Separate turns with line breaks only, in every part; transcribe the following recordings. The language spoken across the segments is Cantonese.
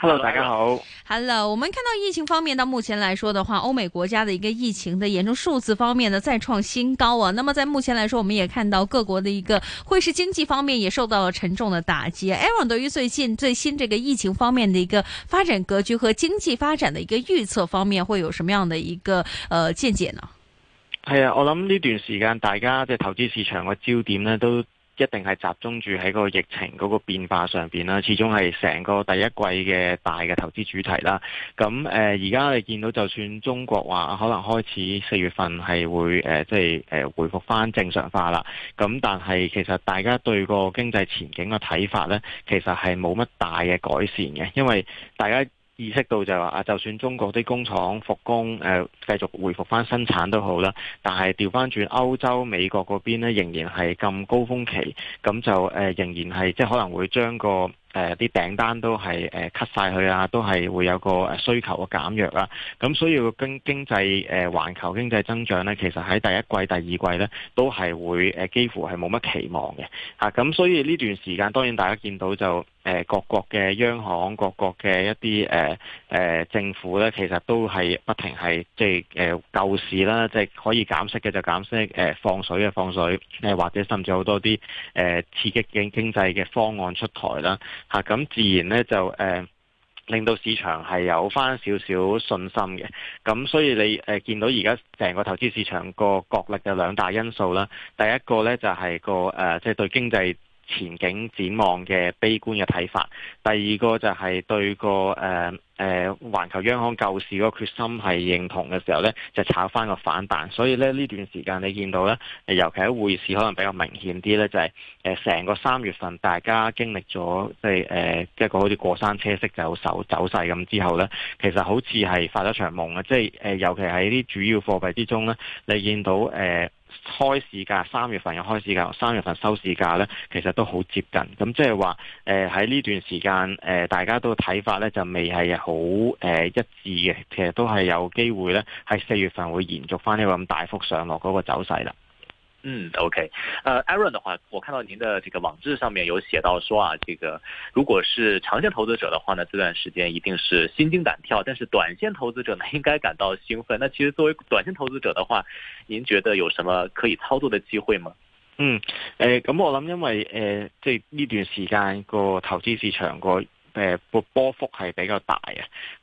hello，大家好。hello，我們看到疫情方面，到目前來說的話，歐美國家的一個疫情的嚴重數字方面呢，再創新高啊。那麼在目前來說，我們也看到各國的一個匯市經濟方面也受到了沉重的打擊。Aaron 對於最近最新這個疫情方面的一個發展格局和經濟發展的一個預測方面，會有什麼樣的一個呃見解呢？
係啊，我諗呢段時間大家即係投資市場嘅焦點呢都。一定係集中住喺個疫情嗰個變化上邊啦，始終係成個第一季嘅大嘅投資主題啦。咁誒，而家你見到就算中國話可能開始四月份係會誒，即係誒回復返正常化啦。咁但係其實大家對個經濟前景嘅睇法呢，其實係冇乜大嘅改善嘅，因為大家，意識到就話啊，就算中國啲工廠復工，誒、呃、繼續回復翻生產都好啦，但係調翻轉歐洲、美國嗰邊咧，仍然係咁高峰期，咁就誒、呃、仍然係即係可能會將個誒啲訂單都係誒 cut 曬去啊，都係會有個誒需求嘅減弱啦。咁所以個經經濟誒環、呃、球經濟增長咧，其實喺第一季、第二季咧，都係會誒、呃、幾乎係冇乜期望嘅嚇。咁、啊、所以呢段時間，當然大家見到就。誒，各國嘅央行、各國嘅一啲誒誒政府咧，其實都係不停係即係誒救市啦，即、就、係、是、可以減息嘅就減息，誒、呃、放水嘅放水，誒、呃、或者甚至好多啲誒、呃、刺激嘅經濟嘅方案出台啦嚇，咁、啊、自然咧就誒、呃、令到市場係有翻少少信心嘅，咁、啊、所以你誒見到而家成個投資市場個角力嘅兩大因素啦，第一個咧就係、是、個誒，即、呃、係、就是、對經濟。前景展望嘅悲觀嘅睇法，第二個就係對個誒誒環球央行救市嗰個決心係認同嘅時候咧，就炒翻個反彈。所以咧呢段時間你見到咧，尤其喺匯市可能比較明顯啲咧，就係誒成個三月份大家經歷咗、呃、即係誒一個好似過山車式走走走勢咁之後咧，其實好似係發咗場夢嘅，即係誒、呃、尤其喺啲主要貨幣之中咧，你見到誒。呃呃開市價，三月份嘅開市價，三月份收市價呢，其實都好接近。咁即係話，誒喺呢段時間，誒、呃、大家都睇法呢就未係好誒一致嘅。其實都係有機會呢，喺四月份會延續翻呢個咁大幅上落嗰個走勢啦。
嗯，OK，呃，Aaron 的話，我看到您的這個網誌上面有寫到說啊，這個如果是長線投資者的話呢，這段時間一定是心驚膽跳，但是短線投資者呢應該感到興奮。那其實作為短線投資者的話，您覺得有什麼可以操作的機會嗎？嗯，
誒、呃，咁我諗因為誒，即係呢段時間個投資市場個誒波波幅係比較大啊，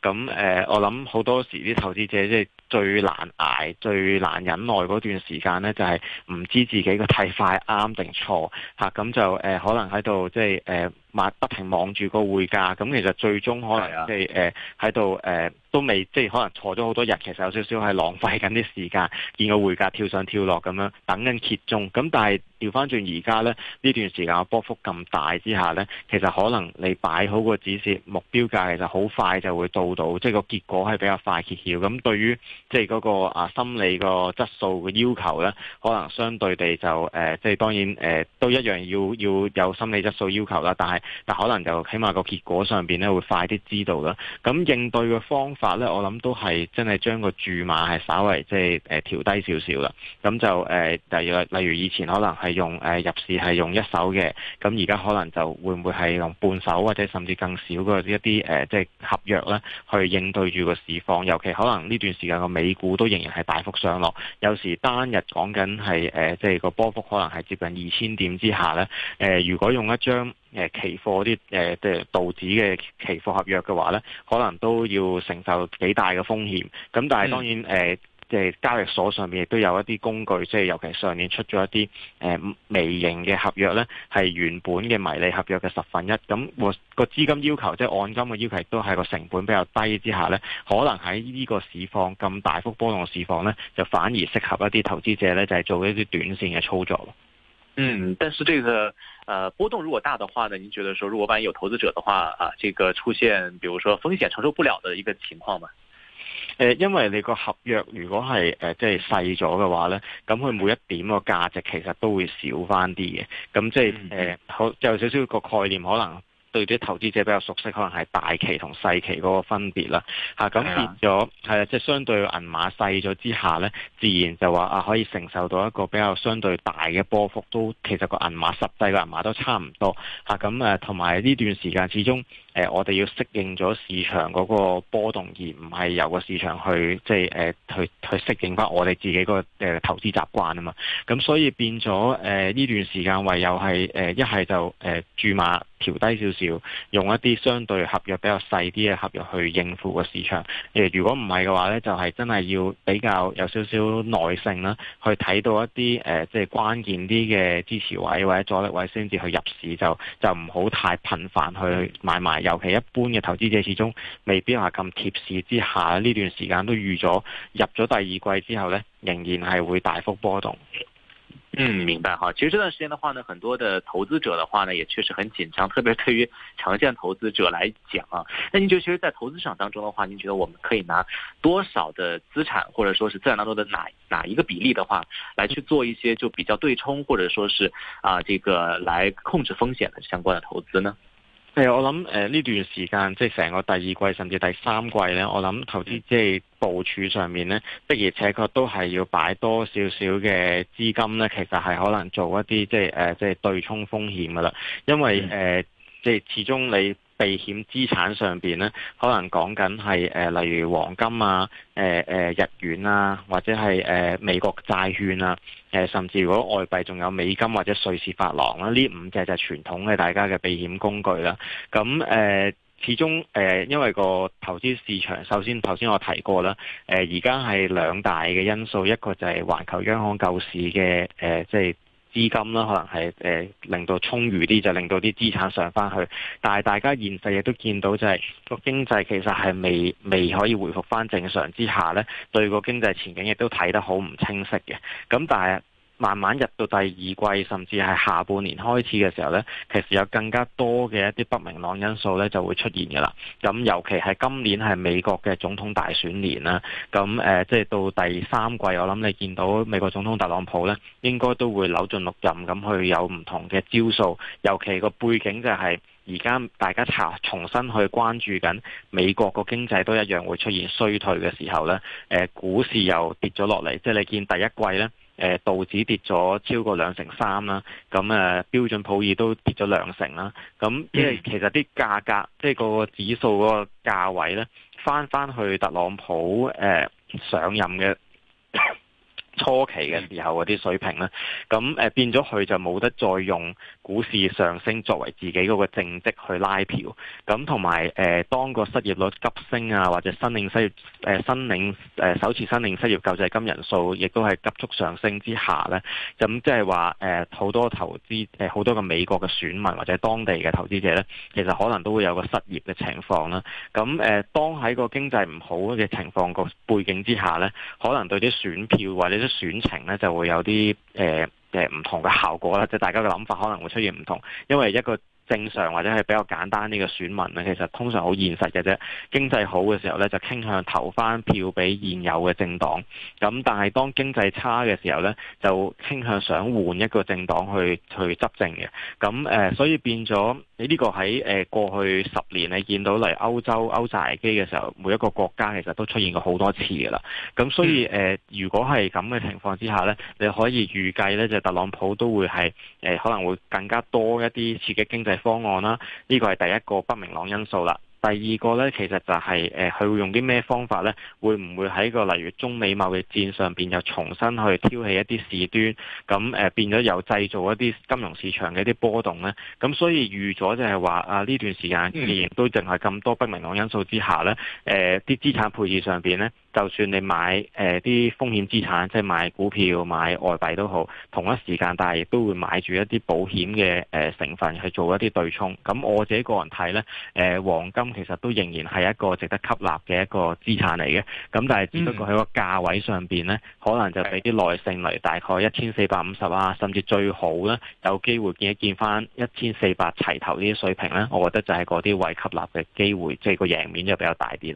咁誒、呃，我諗好多時啲投資者即係。最難挨，最難忍耐嗰段時間咧，就係、是、唔知自己嘅睇法啱定錯。吓、啊，咁就誒、呃、可能喺度即係誒。呃不停望住個匯價，咁其實最終可能即係誒喺度誒都未即係可能坐咗好多日，其實有少少係浪費緊啲時間，見個匯價跳上跳落咁樣等緊揭盅咁，但係調翻轉而家咧，呢段時間波幅咁大之下咧，其實可能你擺好個指示目標價，其實好快就會到到，即係個結果係比較快揭曉。咁對於即係嗰個啊心理個質素嘅要求咧，可能相對地就誒、呃、即係當然誒、呃、都一樣要要有心理質素要求啦，但係。但可能就起碼個結果上邊咧會快啲知道啦。咁、嗯、應對嘅方法咧，我諗都係真係將個注碼係稍為即係誒調低少少啦。咁、嗯、就誒，第、呃、二，例如以前可能係用誒、呃、入市係用一手嘅，咁而家可能就會唔會係用半手或者甚至更少嘅一啲誒即係合約咧去應對住個市況。尤其可能呢段時間個美股都仍然係大幅上落，有時單日講緊係誒即係個波幅可能係接近二千點之下咧。誒、呃，如果用一張。誒、呃、期貨啲誒即係道指嘅期貨合約嘅話咧，可能都要承受幾大嘅風險。咁但係當然誒，即係、嗯呃就是、交易所上面亦都有一啲工具，即係尤其上年出咗一啲誒、呃、微型嘅合約咧，係原本嘅迷你合約嘅十分一。咁、那個資金要求即係按金嘅要求都喺個成本比較低之下咧，可能喺呢個市況咁大幅波動嘅市況咧，就反而適合一啲投資者咧，就係、是、做一啲短線嘅操作。
嗯，但是這個，呃，波動如果大的話呢？您覺得說，如果萬一有投資者的話，啊，這個出現，比如說風險承受不了的一個情況嘛？
誒、呃，因為你個合約如果係誒即係細咗嘅話呢，咁佢每一點個價值其實都會少返啲嘅，咁即係誒，好、嗯呃、有少少個概念可能。對啲投資者比較熟悉，可能係大期同細期嗰個分別啦。嚇的，咁變咗係啊，即係相對銀碼細咗之下咧，自然就話啊，可以承受到一個比較相對大嘅波幅，都其實個銀碼實際個銀碼都差唔多。嚇、啊，咁誒，同埋呢段時間始終。誒、呃，我哋要適應咗市場嗰個波動，而唔係由個市場去即係誒、呃，去去適應返我哋自己個誒、呃、投資習慣啊嘛。咁所以變咗誒呢段時間，唯有係誒一係就誒、呃、注碼調低少少，用一啲相對合約比較細啲嘅合約去應付個市場。誒、呃，如果唔係嘅話咧，就係、是、真係要比較有少少耐性啦，去睇到一啲誒、呃、即係關鍵啲嘅支持位或者阻力位先至去入市，就就唔好太頻繁去買賣。尤其一般嘅投資者，始終未必係咁貼市之下呢段時間都預咗入咗第二季之後呢，仍然係會大幅波動。
嗯，明白哈。其實這段時間的話呢，很多的投資者的話呢，也確實很緊張，特別對於長線投資者來講啊。那您覺得其實在投資場當中的話，您覺得我們可以拿多少的資產，或者說是資產當中的哪哪一個比例的話，來去做一些就比較對沖，或者說是啊，這個來控制風險的相關的投資呢？
係，我諗誒呢段時間，即係成個第二季甚至第三季咧，我諗投資即係部署上面咧，的而且確都係要擺多少少嘅資金咧，其實係可能做一啲即係誒、呃、即係對沖風險噶啦，因為誒、嗯呃、即係始終你。避險資產上邊咧，可能講緊係誒，例如黃金啊、誒、呃、誒日元啊，或者係誒、呃、美國債券啊、誒、呃、甚至如果外幣仲有美金或者瑞士法郎啦、啊，呢五隻就係傳統嘅大家嘅避險工具啦、啊。咁、嗯、誒、呃，始終誒、呃，因為個投資市場，首先頭先我提過啦，誒而家係兩大嘅因素，一個就係環球央行救市嘅誒、呃，即係。資金啦，可能係誒、呃、令到充裕啲，就令到啲資產上翻去。但係大家現時亦都見到、就係，就係個經濟其實係未未可以回復翻正常之下呢，對個經濟前景亦都睇得好唔清晰嘅。咁但係。慢慢入到第二季，甚至係下半年開始嘅時候咧，其實有更加多嘅一啲不明朗因素咧就會出現嘅啦。咁尤其係今年係美國嘅總統大選年啦，咁誒即係到第三季，我諗你見到美國總統特朗普咧，應該都會扭盡六壬咁去有唔同嘅招數，尤其個背景就係而家大家查重新去關注緊美國個經濟都一樣會出現衰退嘅時候咧，誒股市又跌咗落嚟，即係你見第一季咧。誒道指跌咗超過兩成三啦、啊，咁誒標準普爾都跌咗兩成啦，咁即係其實啲價格， 即係個指數個價位咧，返返去特朗普誒、呃、上任嘅。 初期嘅時候嗰啲水平咧，咁誒變咗佢就冇得再用股市上升作為自己嗰個政績去拉票，咁同埋誒當個失業率急升啊，或者申領失業誒申領誒、啊、首次申領失業救濟金人數亦都係急速上升之下咧，咁即係話誒好多投資誒好、呃、多個美國嘅選民或者當地嘅投資者咧，其實可能都會有個失業嘅情況啦。咁誒、呃、當喺個經濟唔好嘅情況個背景之下咧，可能對啲選票或者～選情咧就會有啲誒誒唔同嘅效果啦，即係大家嘅諗法可能會出現唔同，因為一個，正常或者係比較簡單呢個選民咧,其實通常好現實嘅啫。經濟好嘅時候咧，就傾向投翻票俾現有嘅政黨，咁但係當經濟差嘅時候咧，就傾向想換一個政黨去去執政嘅。咁誒、呃、所以變咗你呢個喺誒、呃、過去十年你見到嚟歐洲歐債危機嘅時候，每一個國家其實都出現過好多次㗎啦。咁所以誒、呃、如果係咁嘅情況之下咧，你可以預計咧，就特朗普都會係誒、呃、可能會更加多一啲刺激經濟。方案啦，呢、這個係第一個不明朗因素啦。第二個咧，其實就係、是、誒，佢、呃、會用啲咩方法咧？會唔會喺個例如中美貿易戰上邊又重新去挑起一啲事端？咁誒、呃、變咗又製造一啲金融市場嘅一啲波動咧？咁所以預咗就係話啊，呢段時間既然都淨係咁多不明朗因素之下咧，誒、呃、啲資產配置上邊咧？就算你買誒啲、呃、風險資產，即係買股票、買外幣都好，同一時間但係亦都會買住一啲保險嘅誒、呃、成分去做一啲對沖。咁我自己個人睇呢，誒、呃、黃金其實都仍然係一個值得吸納嘅一個資產嚟嘅。咁但係只不過喺個價位上邊呢，可能就俾啲耐性嚟，大概一千四百五十啊，甚至最好咧有機會見一見返一千四百齊頭呢啲水平呢，我覺得就係嗰啲位吸納嘅機會，即係個贏面就比較大啲。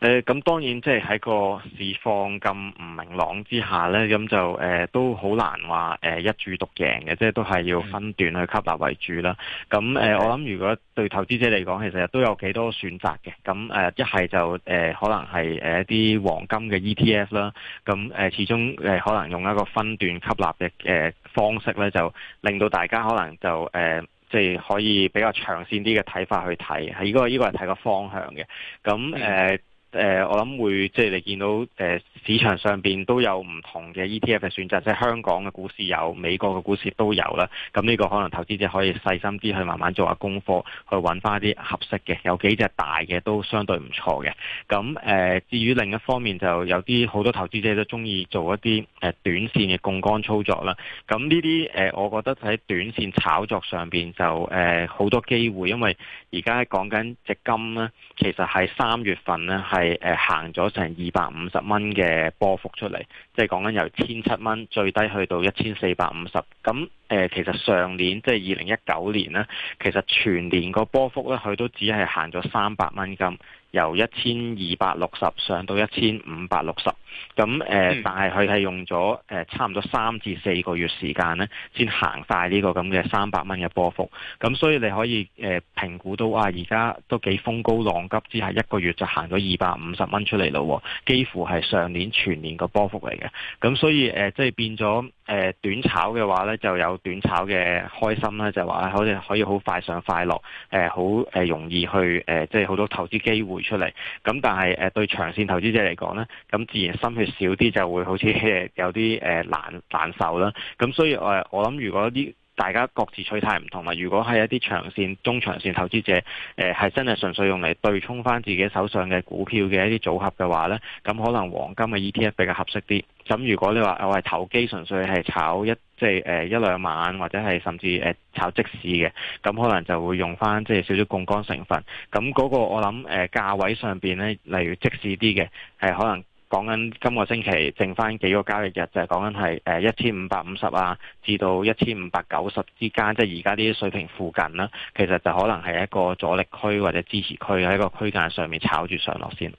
誒，咁、呃、當然即係喺個市況咁唔明朗之下咧，咁就誒、呃、都好難話誒、呃、一注獨贏嘅，即係都係要分段去吸納為主啦。咁誒、呃，我諗如果對投資者嚟講，其實都有幾多選擇嘅。咁誒，一、呃、係就誒、呃、可能係誒一啲黃金嘅 ETF 啦。咁、呃、誒，始終誒可能用一個分段吸納嘅誒方式咧，就令到大家可能就誒、呃、即係可以比較長線啲嘅睇法去睇，係、這、呢個呢、這個係睇個方向嘅。咁誒。呃誒、呃，我諗會即係你見到誒、呃、市場上邊都有唔同嘅 ETF 嘅選擇，即係香港嘅股市有，美國嘅股市都有啦。咁呢個可能投資者可以細心啲去慢慢做下功課，去揾翻啲合適嘅。有幾隻大嘅都相對唔錯嘅。咁誒、呃，至於另一方面，就有啲好多投資者都中意做一啲誒、呃、短線嘅槓桿操作啦。咁呢啲誒，我覺得喺短線炒作上邊就誒好、呃、多機會，因為而家講緊隻金咧，其實係三月份咧係，誒行咗成二百五十蚊嘅波幅出嚟，即係講緊由千七蚊最低去到一千四百五十。咁、嗯、誒，其實上年即係二零一九年呢，其實全年個波幅咧，佢都只係行咗三百蚊咁，由一千二百六十上到一千五百六十。咁誒，嗯、但係佢係用咗誒差唔多三至四個月時間咧，先行晒呢個咁嘅三百蚊嘅波幅。咁所以你可以誒評估到啊，而家都幾風高浪急，只係一個月就行咗二百五十蚊出嚟咯，幾乎係上年全年個波幅嚟嘅。咁所以誒、呃、即係變咗誒、呃、短炒嘅話咧，就有短炒嘅開心啦，就話、是、可以可以好快上快落，誒好誒容易去誒、呃、即係好多投資機會出嚟。咁但係誒、呃、對長線投資者嚟講咧，咁自然。心血少啲就會好似有啲誒難難受啦。咁所以我我諗，如果啲大家各自取態唔同啦，如果係一啲長線、中長線投資者誒係、呃、真係純粹用嚟對沖翻自己手上嘅股票嘅一啲組合嘅話呢，咁可能黃金嘅 ETF 比較合適啲。咁如果你話我係投機，純粹係炒一即係誒一兩晚，或者係甚至誒炒即市嘅，咁可能就會用翻即係少少槓桿成分。咁嗰個我諗誒、呃、價位上邊呢，例如即市啲嘅係可能。講緊今個星期剩翻幾個交易日，就係講緊係誒一千五百五十啊，至到一千五百九十之間，即係而家啲水平附近啦。其實就可能係一個阻力區或者支持區，喺一個區間上面炒住上落先。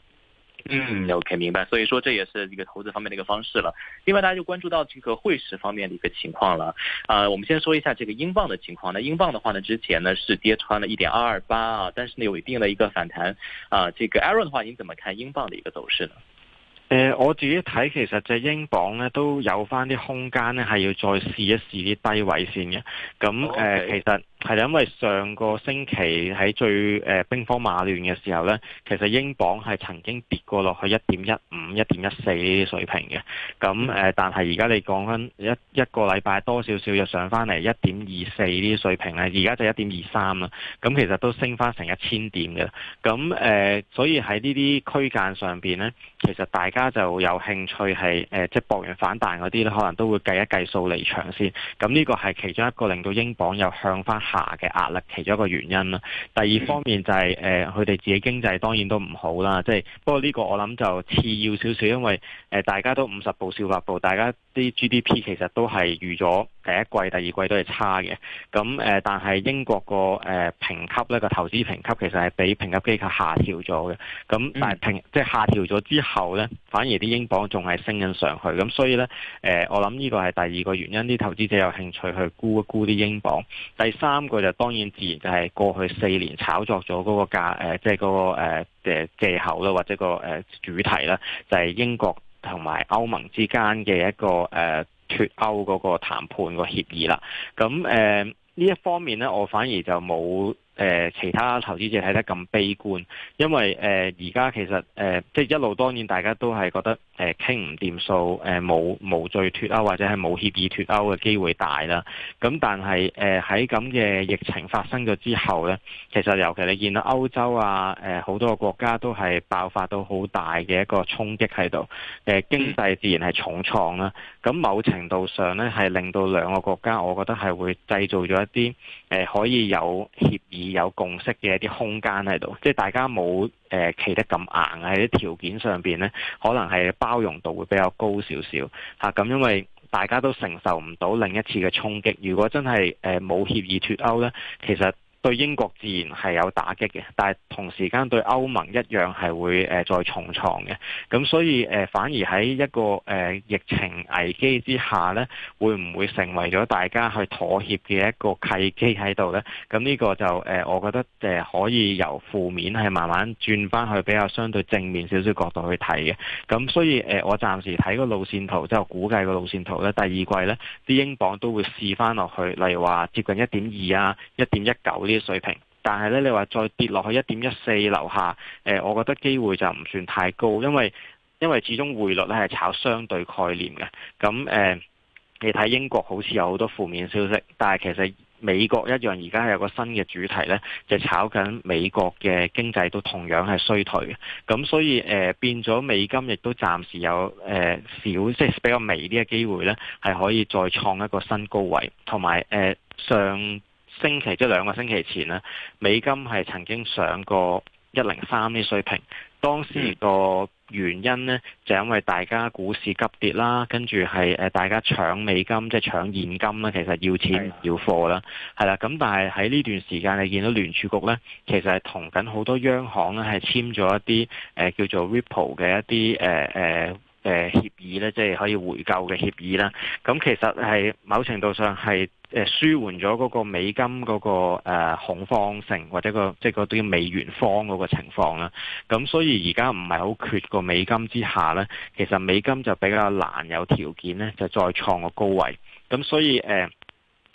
嗯，OK，明白。所以說，這也是一個投資方面的一個方式了。另外，大家就關注到這個匯市方面的一個情況了。啊，我們先說一下這個英鎊的情況。呢，英鎊的話呢，之前呢是跌穿了一點二二八啊，但是呢有一定的一個反彈啊。這個 Aaron 的話，您怎麼看英鎊的一個走勢呢？
誒、呃，我自己睇，其實隻英鎊咧都有返啲空間咧，係要再試一試啲低位線嘅。咁、嗯、誒 Okay.、呃，其實。係因為上個星期喺最誒兵荒馬亂嘅時候咧，其實英鎊係曾經跌過落去、呃、說說一點一五、一點一四呢啲水平嘅。咁誒，但係而家你講緊一一個禮拜多少少少又上翻嚟一點二四呢啲水平咧，而家就一點二三啦。咁其實都升翻成一千點嘅。咁誒、呃，所以喺呢啲區間上邊咧，其實大家就有興趣係誒、呃，即係博完反彈嗰啲咧，可能都會計一計數離場先。咁呢個係其中一個令到英鎊又向翻嘅壓力其中一個原因啦，第二方面就係誒佢哋自己經濟當然都唔好啦，即、就、係、是、不過呢個我諗就次要少少，因為誒、呃、大家都五十步笑百步，大家啲 GDP 其實都係預咗第一季、第二季都係差嘅，咁誒、呃、但係英國個誒、呃、評級呢個投資評級其實係比評級機構下調咗嘅，咁、嗯、但係評即係、就是、下調咗之後呢，反而啲英鎊仲係升緊上去，咁所以呢，誒、呃、我諗呢個係第二個原因，啲投資者有興趣去沽一沽啲英鎊，第三。三個就當然自然就係過去四年炒作咗嗰個價即係嗰個誒嘅、呃、技巧啦，或者、嗰個誒、呃、主題啦，就係英國同埋歐盟之間嘅一個誒脫、呃、歐嗰個談判個協議啦。咁誒呢一方面咧，我反而就冇。誒其他投資者睇得咁悲觀，因為誒而家其實誒、呃、即係一路當然大家都係覺得誒傾唔掂數，誒冇冇序脱歐或者係冇協議脱歐嘅機會大啦。咁但係誒喺咁嘅疫情發生咗之後呢，其實尤其你見到歐洲啊，誒、呃、好多個國家都係爆發到好大嘅一個衝擊喺度，誒、呃、經濟自然係重創啦。咁某程度上呢，係令到兩個國家，我覺得係會製造咗一啲誒、呃、可以有協議。有共識嘅一啲空間喺度，即係大家冇誒企得咁硬喺啲條件上邊咧，可能係包容度會比較高少少嚇。咁、啊、因為大家都承受唔到另一次嘅衝擊，如果真係誒冇協議脱歐咧，其實。對英國自然係有打擊嘅，但係同時間對歐盟一樣係會誒再重創嘅。咁所以誒、呃，反而喺一個誒、呃、疫情危機之下咧，會唔會成為咗大家去妥協嘅一個契機喺度咧？咁呢個就誒、呃，我覺得誒可以由負面係慢慢轉翻去比較相對正面少少角度去睇嘅。咁所以誒、呃，我暫時睇個路線圖即係估計個路線圖咧，第二季咧啲英鎊都會試翻落去，例如話接近一點二啊、一點一九呢水平，但係咧，你話再跌落去一點一四樓下，誒、呃，我覺得機會就唔算太高，因為因為始終匯率咧係炒相對概念嘅，咁誒、呃，你睇英國好似有好多負面消息，但係其實美國一樣，而家係有個新嘅主題咧，就炒緊美國嘅經濟都同樣係衰退嘅，咁所以誒、呃、變咗美金亦都暫時有誒少、呃、即係比較微啲嘅機會咧，係可以再創一個新高位，同埋誒上。星期即兩個星期前咧，美金係曾經上過一零三呢水平。當時個原因呢，就係、因為大家股市急跌啦，跟住係誒大家搶美金，即係搶現金啦。其實要錢唔要貨啦，係啦的。咁但係喺呢段時間，你見到聯儲局呢，其實係同緊好多央行咧係簽咗一啲誒、呃、叫做 repo 嘅一啲誒誒。呃呃誒、呃、協議咧，即係可以回購嘅協議啦。咁其實係某程度上係誒舒緩咗嗰個美金嗰、嗰個、呃、恐慌性或者、嗰個即係嗰啲美元荒嗰個情況啦。咁所以而家唔係好缺個美金之下咧，其實美金就比較難有條件咧就再創個高位。咁所以誒。呃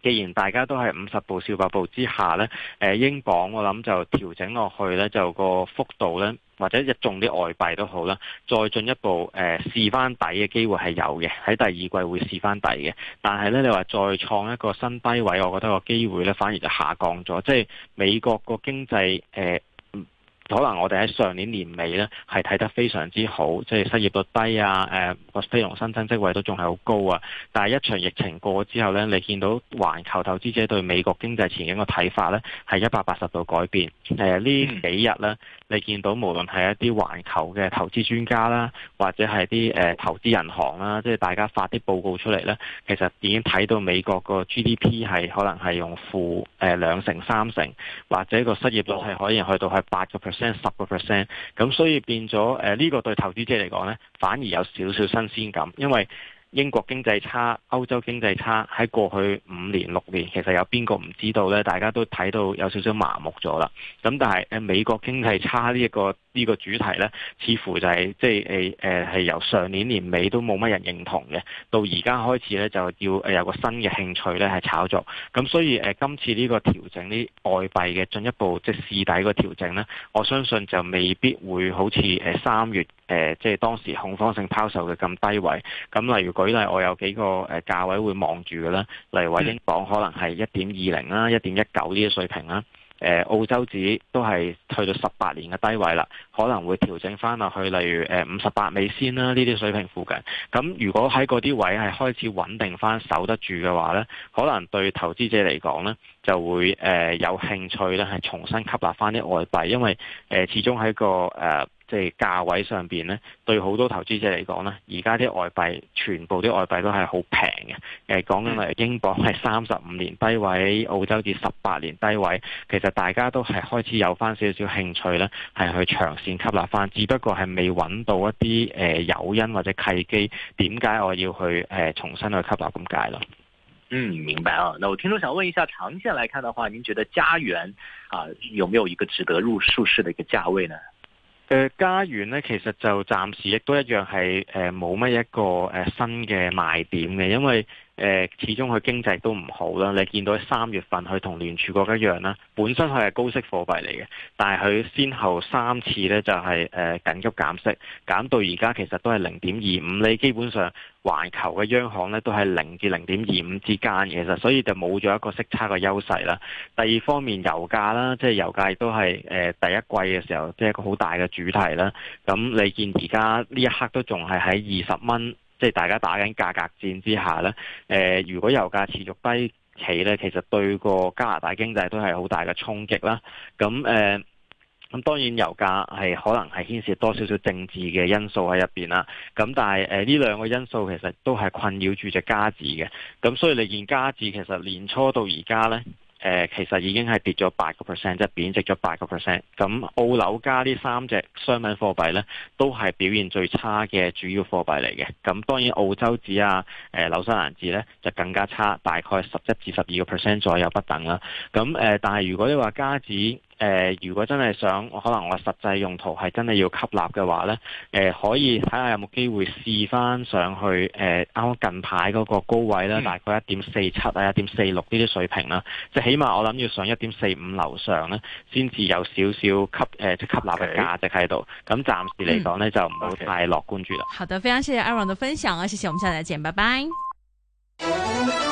既然大家都係五十步笑百步之下呢，誒英鎊我諗就調整落去呢，就個幅度呢，或者一眾啲外幣都好啦，再進一步誒、呃、試翻底嘅機會係有嘅，喺第二季會試翻底嘅。但係呢，你話再創一個新低位，我覺得個機會呢反而就下降咗，即係美國個經濟誒。呃可能我哋喺上年年尾咧，係睇得非常之好，即係失業率低啊，誒、呃、個非農新增職位都仲係好高啊。但係一場疫情過之後咧，你見到環球投資者對美國經濟前景嘅睇法咧，係一百八十度改變，誒、呃、呢幾日咧，你見到無論係一啲環球嘅投資專家啦，或者係啲誒投資銀行啦，即係大家發啲報告出嚟咧，其實已經睇到美國個 GDP 係可能係用負誒兩、呃、成三成，或者個失業率係可以去到係八個 percent。十個 percent，咁所以變咗誒呢個對投資者嚟講呢，反而有少少新鮮感，因為英國經濟差、歐洲經濟差喺過去五年六年，其實有邊個唔知道呢？大家都睇到有少少麻木咗啦。咁但係誒、呃、美國經濟差呢、這、一個。呢個主題呢，似乎就係即係誒誒，係、就是呃、由上年年尾都冇乜人認同嘅，到而家開始呢，就要誒有個新嘅興趣呢，係炒作。咁所以誒、呃，今次呢個調整，呢外幣嘅進一步即係試底個調整呢，我相信就未必會好似誒三月誒、呃、即係當時恐慌性拋售嘅咁低位。咁例如舉例，我有幾個誒價位會望住嘅啦，例如話英鎊可能係一點二零啦、一點一九呢啲水平啦。澳洲紙都係去到十八年嘅低位啦，可能會調整翻落去，例如誒五十八美仙啦呢啲水平附近。咁如果喺嗰啲位係開始穩定翻守得住嘅話呢，可能對投資者嚟講呢，就會誒、呃、有興趣咧，係重新吸納翻啲外幣，因為誒、呃、始終喺個誒。呃即係價位上邊咧，對好多投資者嚟講咧，而家啲外幣，全部啲外幣都係好平嘅。誒、呃，講緊嚟英鎊係三十五年低位，澳洲至十八年低位，其實大家都係開始有翻少少興趣咧，係去長線吸納翻，只不過係未揾到一啲誒誘因或者契機，點解我要去誒、呃、重新去吸納咁解咯？
嗯，明白啊。那我聽眾想問一下，長線嚟看嘅話，您覺得加元啊，有沒有一個值得入樹市的一個價位呢？
誒嘉園咧，其實就暫時亦都一樣係誒冇乜一個誒、呃、新嘅賣點嘅，因為。誒，始終佢經濟都唔好啦，你見到三月份佢同聯儲局一樣啦，本身佢係高息貨幣嚟嘅，但係佢先後三次呢就係、是、誒、呃、緊急減息，減到而家其實都係零點二五，你基本上環球嘅央行呢都係零至零點二五之間，其實所以就冇咗一個息差嘅優勢啦。第二方面，油價啦，即係油價亦都係誒第一季嘅時候，即係一個好大嘅主題啦。咁你見而家呢一刻都仲係喺二十蚊。即係大家打緊價格戰之下呢，誒、呃，如果油價持續低企呢，其實對個加拿大經濟都係好大嘅衝擊啦。咁誒，咁、呃、當然油價係可能係牽涉多少少政治嘅因素喺入邊啦。咁但係誒呢兩個因素其實都係困擾住隻加字嘅。咁所以你見加字其實年初到而家呢。誒、呃、其實已經係跌咗八個 percent，即係貶值咗八個 percent。咁澳紐加呢三隻商品貨幣咧，都係表現最差嘅主要貨幣嚟嘅。咁當然澳洲紙啊、誒、呃、紐西蘭紙咧，就更加差，大概十一至十二個 percent 左右不等啦、啊。咁誒、呃，但係如果你話加紙，誒、呃，如果真係想，可能我實際用途係真係要吸納嘅話呢，誒、呃，可以睇下有冇機會試翻上去。誒、呃，啱近排嗰個高位咧，大概一點四七啊，一點四六呢啲水平啦，即係起碼我諗要上一點四五樓上呢，先至有少少吸誒即、呃、吸納嘅價值喺度。咁暫時嚟講呢，就唔好太樂觀住啦。嗯
okay。好的，非常謝謝 Aaron 嘅分享啊！謝謝，我們下次再見，拜拜。